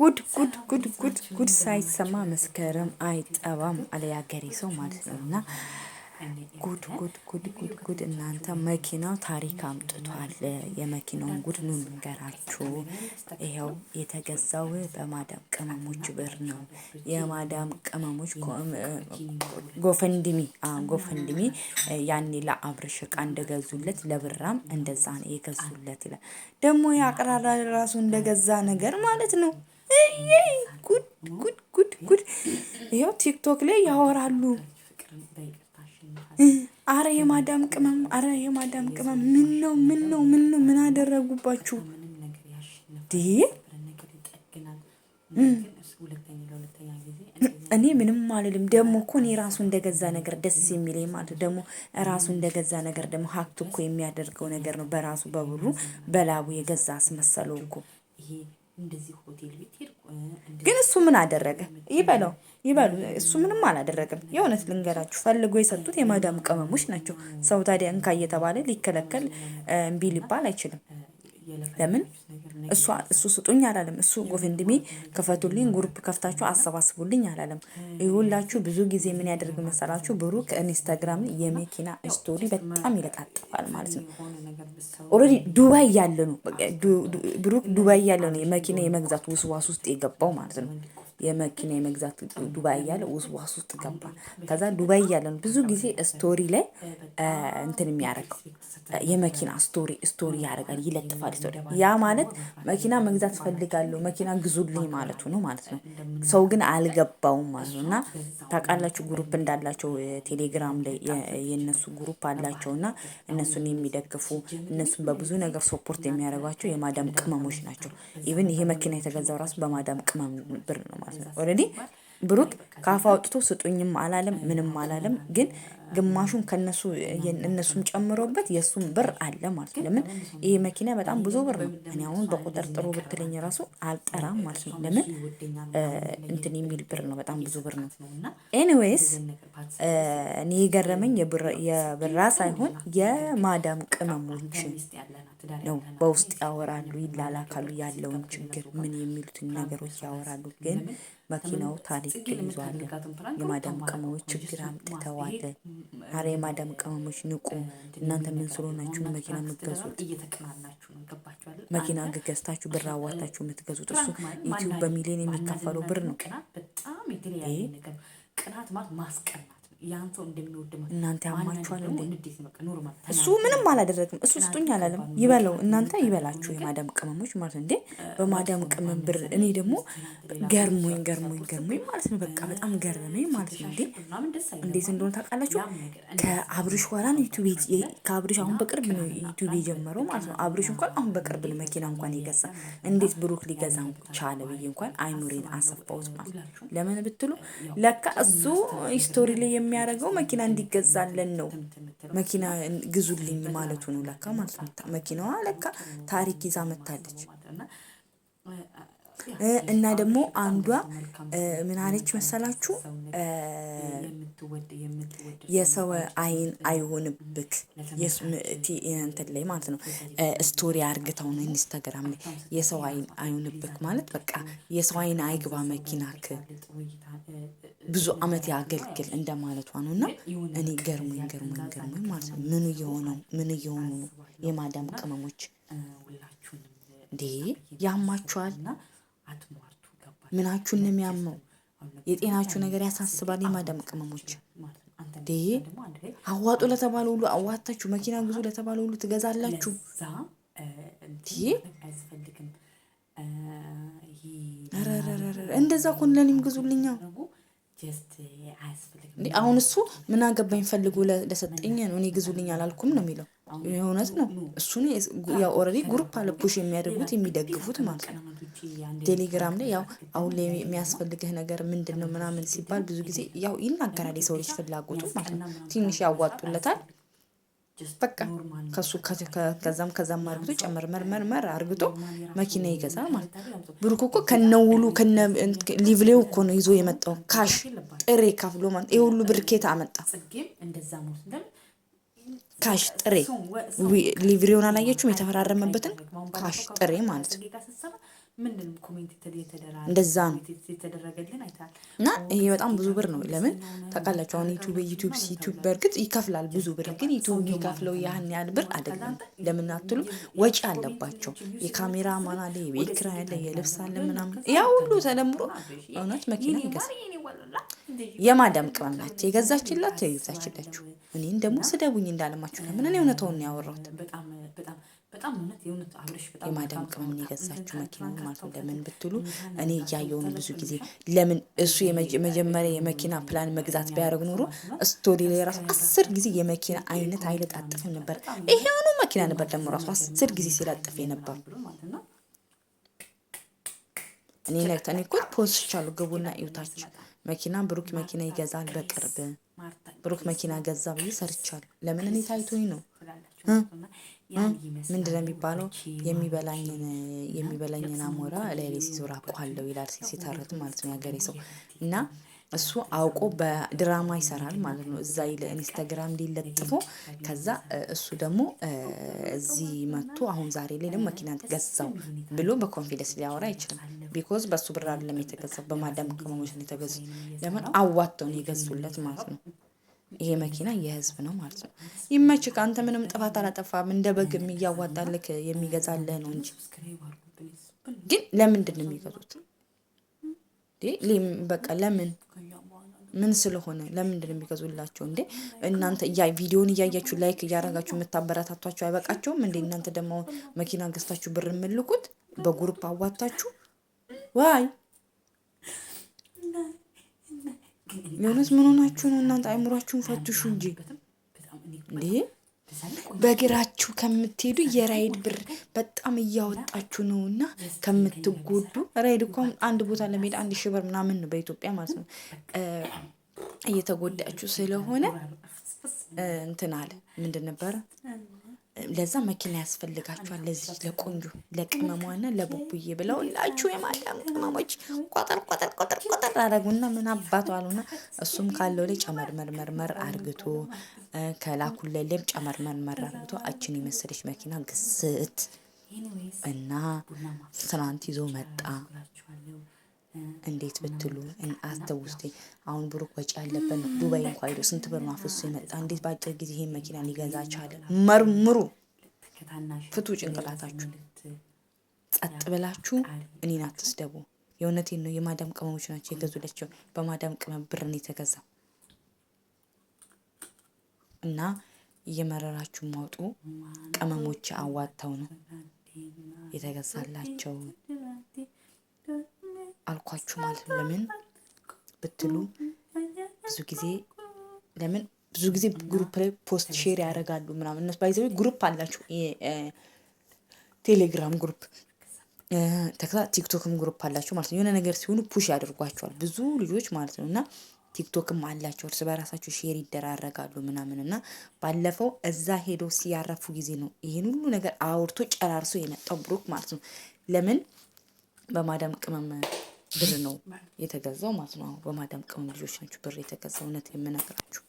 ጉድ ጉድ ጉድ ጉድ ጉድ ሳይሰማ መስከረም አይጠባም አለ ያገሬ ሰው ማለት ነው። እና ጉድ ጉድ ጉድ ጉድ ጉድ እናንተ መኪናው ታሪክ አምጥቷል። የመኪናውን ጉድ ኑ ንገራችሁ። ይኸው የተገዛው በማዳም ቅመሞች ብር ነው። የማዳም ቅመሞች ጎፈንድሚ ጎፈንድሚ ያኔ ለአብርሽ ዕቃ እንደገዙለት ለብራም እንደዛ ነው የገዙለት ደግሞ የአቅራራ ራሱ እንደገዛ ነገር ማለት ነው። ጉድ ጉድ ጉድ ጉድ! ይኸው ቲክቶክ ላይ ያወራሉ። አረ የማዳም ቅመም፣ አረ የማዳም ቅመም፣ ምን ነው ምን ነው ምን ነው ምን አደረጉባችሁ? እኔ ምንም አልልም። ደግሞ እኮ እኔ ራሱ እንደገዛ ነገር ደስ የሚለኝ ማለት ደግሞ ራሱ እንደገዛ ነገር ደግሞ ሀብት እኮ የሚያደርገው ነገር ነው። በራሱ በብሩ በላቡ የገዛ አስመሰለው እኮ ግን እሱ ምን አደረገ? ይበለው ይበሉ። እሱ ምንም አላደረገም። የእውነት ልንገራችሁ ፈልጎ የሰጡት የማዳም ቅመሞች ናቸው። ሰው ታዲያ እንካ እየተባለ ሊከለከል እምቢ ሊባል አይችልም። ለምን እሷ እሱ ስጡኝ አላለም። እሱ ጎፈንድሜ ክፈቱልኝ፣ ግሩፕ ከፍታችሁ አሰባስቡልኝ አላለም። ይሁላችሁ ብዙ ጊዜ ምን ያደርግ መሰላችሁ? ብሩክ ኢንስታግራም የመኪና ስቶሪ በጣም ይለጣጥፋል ማለት ነው። ኦልሬዲ ዱባይ ያለ ነው ብሩክ ዱባይ ያለ ነው የመኪና የመግዛት ውስዋስ ውስጥ የገባው ማለት ነው። የመኪና የመግዛት ዱባይ እያለ ውስዋስ ውስጥ ገባ። ከዛ ዱባይ እያለ ነው ብዙ ጊዜ ስቶሪ ላይ እንትን የሚያደርገው የመኪና ስቶሪ ስቶሪ ያደርጋል፣ ይለጥፋል ስቶሪ። ያ ማለት መኪና መግዛት ፈልጋለሁ መኪና ግዙልኝ ማለቱ ነው ማለት ነው። ሰው ግን አልገባውም ማለት ነው። እና ታውቃላችሁ ግሩፕ እንዳላቸው ቴሌግራም ላይ የእነሱ ግሩፕ አላቸው እና እነሱን የሚደግፉ እነሱን በብዙ ነገር ሰፖርት የሚያደርጓቸው የማዳም ቅመሞች ናቸው። ኢቭን ይሄ መኪና የተገዛው ራሱ በማዳም ቅመም ብር ነው ማለት ማለት ነው ኦልሬዲ ብሩክ ካፋ አውጥቶ ስጡኝም አላለም ምንም አላለም ግን ግማሹን ከነሱ እነሱም ጨምሮበት የእሱም ብር አለ ማለት ነው። ለምን ይህ መኪና በጣም ብዙ ብር ነው። እኔ አሁን በቁጥር ጥሩ ብትለኝ ራሱ አልጠራም ማለት ነው። ለምን እንትን የሚል ብር ነው፣ በጣም ብዙ ብር ነው። ኤኒዌይስ እኔ የገረመኝ የብራ ሳይሆን የማዳም ቅመሞች ነው። በውስጥ ያወራሉ፣ ይላላካሉ፣ ያለውን ችግር ምን የሚሉትን ነገሮች ያወራሉ። ግን መኪናው ታሪክ ይዟል። የማዳም ቅመሞች ችግር አምጥተዋል። አረ የማዳም ቅመሞች ንቁ! እናንተ ምን ናችሁ መኪና የምትገዙት? መኪና ገዝታችሁ ብር አዋታችሁ የምትገዙት እሱ ኢትዮ በሚሊዮን የሚከፈለው ብር ነው። ቅናት ነው። ቅናት ማለት ማስቀናት ያን ሰው እንደሚወድ እናንተ ያማችኋል። እሱ ምንም አላደረግም። እሱ ስጡኝ አላለም። ይበለው እናንተ ይበላችሁ፣ የማዳም ቅመሞች ማለት እንዴ በማዳም ቅመም ብር እኔ ደግሞ ገርሞኝ ገርሞኝ ገርሞኝ ማለት ነው። በቃ በጣም ገረመኝ ማለት ነው። እንዴ እንዴት እንደሆነ ታውቃላችሁ? ከአብርሽ ኋላ ነው ዩቱቤ ከአብርሽ አሁን በቅርብ ነው ዩቱብ የጀመረው ማለት ነው። አብርሽ እንኳን አሁን በቅርብ ነው መኪና እንኳን የገዛ እንዴት ብሩክ ሊገዛ ቻለ ብዬ እንኳን አይኑሬን አሰፋውት ማለት ለምን ብትሉ ለካ እሱ ስቶሪ ላይ የሚያደርገው መኪና እንዲገዛለን ነው። መኪና ግዙልኝ ማለቱ ነው ለካ ማለት ነው። መኪናዋ ለካ ታሪክ ይዛ መታለች። እና ደግሞ አንዷ ምን አለች መሰላችሁ? የሰው አይን አይሆንብክ ንትን ላይ ማለት ነው። ስቶሪ አርግተው ነው ኢንስታግራም ላይ የሰው አይን አይሆንብክ ማለት በቃ የሰው አይን አይግባ መኪናክ ብዙ አመት ያገልግል እንደማለቷ ነው። እና እኔ ገርሞኝ ገርሞኝ ገርሞኝ ማለት ነው። ምኑ የሆነው ምን የሆኑ ነው የማዳም ቅመሞች እንዴ? ያማችኋል። ምናችሁን ነው የሚያመው? የጤናችሁ ነገር ያሳስባል። የማዳም ቅመሞች አዋጡ ለተባለ ሁሉ አዋታችሁ፣ መኪና ግዙ ለተባለ ሁሉ ትገዛላችሁ። እንደዛ ኮን ለኔም ግዙልኛ። አሁን እሱ ምን አገባኝ ፈልጎ ለሰጠኝ ነው እኔ ግዙልኝ አላልኩም ነው የሚለው። የእውነት ነው እሱን ኦልሬዲ ግሩፕ አለ ፑሽ የሚያደርጉት የሚደግፉት ማለት ነው ቴሌግራም ላይ ያው አሁን ላይ የሚያስፈልግህ ነገር ምንድን ነው ምናምን ሲባል ብዙ ጊዜ ያው ይናገራል የሰው ልጅ ፍላጎቱ ማለት ነው። ትንሽ ያዋጡለታል በቃ ከሱ ከዛም ከዛም አርግቶ ጨመር መርመርመር አርግቶ መኪና ይገዛል ማለት ነው። ብሩክ እኮ ከነውሉ ከነ ሊቭሌው እኮ ነው ይዞ የመጣው ካሽ ጥሬ ከፍሎ ማለት ይሄ ሁሉ ብርኬት አመጣ ካሽ ጥሬ ሊቭሬውን አላየችውም? የተፈራረመበትን ካሽ ጥሬ ማለት ነው። ምንድነው ኮሜንት እንደዛ ነው የተደረገልን አይተሃል። እና ይሄ በጣም ብዙ ብር ነው። ለምን ታውቃላችሁ? አሁን ዩቱብ ዩቱብ ሲዩቱብ በእርግጥ ይከፍላል ብዙ ብር፣ ግን ዩቱብ የሚከፍለው ያህን ያህል ብር አይደለም። ለምን አትሉም? ወጪ አለባቸው። የካሜራ ማን አለ፣ የቤት ኪራይ አለ፣ የልብስ አለ ምናምን፣ ያ ሁሉ ተደምሮ እውነት መኪና ይገዛል። የማዳም ቅመም ናት የገዛችላት፣ የገዛችላችሁ። እኔን ደግሞ ስደቡኝ እንዳለማችሁ። ለምን እኔ እውነታውን ነው ያወራሁት። በጣም እውነት የእውነት አብረሽ በጣም የማዳም ቅመም የገዛችው መኪና ማለት ለምን ብትሉ እኔ እያየውን ብዙ ጊዜ ለምን እሱ የመጀመሪያ የመኪና ፕላን መግዛት ቢያደርግ ኖሮ ስቶሪ ላይ ራሱ አስር ጊዜ የመኪና አይነት አይለጣጥፍም ነበር። ይሄ ሆኖ መኪና ነበር ደግሞ ራሱ አስር ጊዜ ሲለጥፍ ነበር። እኔ እኮ ፖስት ቻሉ ግቡና እዩታችሁ። መኪና ብሩክ መኪና ይገዛል በቅርብ ብሩክ መኪና ገዛ ብዬ ሰርቻል። ለምን እኔ ታይቶኝ ነው። ምንድን ነው የሚባለው? የሚበላኝን አሞራ ላይ ሲዞር አውቀዋለሁ ይላል ሲተረት ማለት ነው ያገሬ ሰው እና እሱ አውቆ በድራማ ይሰራል ማለት ነው። እዛ ኢንስታግራም ላይ ለጥፎ ከዛ እሱ ደግሞ እዚህ መጥቶ አሁን ዛሬ ላይ ደግሞ መኪና ገዛው ብሎ በኮንፊደንስ ሊያወራ ይችላል። ቢኮዝ በሱ ብር አይደለም የተገዛው፣ በማዳም ቅመሞች ነው የተገዙት። ለምን ነው የገዙለት ማለት ነው። ይሄ መኪና የህዝብ ነው ማለት ነው። ይመች አንተ ምንም ጥፋት አላጠፋም። እንደ በግ የሚያዋጣልክ የሚገዛልህ ነው እንጂ። ግን ለምንድን ነው የሚገዙት? በቃ ለምን ምን ስለሆነ ለምንድን ነው የሚገዙላቸው እንዴ? እናንተ እያ ቪዲዮን እያያችሁ ላይክ እያረጋችሁ የምታበረታቷቸው አይበቃቸውም እንዴ? እናንተ ደግሞ መኪና ገዝታችሁ ብር የምልኩት በጉሩፕ አዋታችሁ ዋይ የእውነት ምን ሆናችሁ ነው እናንተ? አይምሯችሁን ፈትሹ እንጂ እንዴ በግራችሁ ከምትሄዱ የራይድ ብር በጣም እያወጣችሁ ነው እና ከምትጎዱ ራይድ እኮ አንድ ቦታ ለመሄድ አንድ ሺህ ብር ምናምን ነው በኢትዮጵያ ማለት ነው። እየተጎዳችሁ ስለሆነ እንትን አለ ምንድን ነበረ ለዛ መኪና ያስፈልጋችኋል። ለዚህ ለቆንጆ ለቅመሟና ለቡቡዬ ብለው ሁላችሁ የማዳም ቅመሞች ቆጠር ቆጠር ጨመር አረጉና ምን አባቱ አሉና እሱም ካለው ላይ ጨመር አርግቶ ከላኩለሌም ጨመር መርመር አርግቶ አችን የመሰለች መኪና ግስት እና ትናንት ይዞ መጣ። እንዴት ብትሉ አስተውስቴ አሁን ብሩክ ወጪ ያለበት ዱባይ እንኳ ሄዶ ስንት ብር ማፍሱ የመጣ እንዴት በአጭር ጊዜ ይሄን መኪና ሊገዛ ቻለ? መርምሩ፣ ፍቱ ጭንቅላታችሁ። ጸጥ ብላችሁ እኔን አትስደቡ። የእውነቴን ነው። የማዳም ቅመሞች ናቸው የገዙላቸው በማዳም ቅመም ብርን የተገዛ እና እየመረራችሁ ማውጡ ቅመሞች አዋጥተው ነው የተገዛላቸው አልኳችሁ ማለት ነው። ለምን ብትሉ ብዙ ጊዜ ለምን ብዙ ጊዜ ግሩፕ ላይ ፖስት ሼር ያደርጋሉ ምናምን እነሱ ባይዘ ግሩፕ አላቸው፣ ቴሌግራም ግሩፕ ተከታ ቲክቶክም ግሩፕ አላቸው ማለት ነው። የሆነ ነገር ሲሆኑ ፑሽ ያደርጓቸዋል ብዙ ልጆች ማለት ነው እና ቲክቶክም አላቸው እርስ በራሳቸው ሼር ይደራረጋሉ ምናምን እና ባለፈው እዛ ሄዶ ሲያረፉ ጊዜ ነው ይህን ሁሉ ነገር አውርቶ ጨራርሶ የመጣው ብሩክ ማለት ነው። ለምን በማዳም ቅመም ብር ነው የተገዛው ማለት ነው። በማዳም ቅመም ልጆች ናቸው ብር የተገዛው እውነት የምነግራችሁ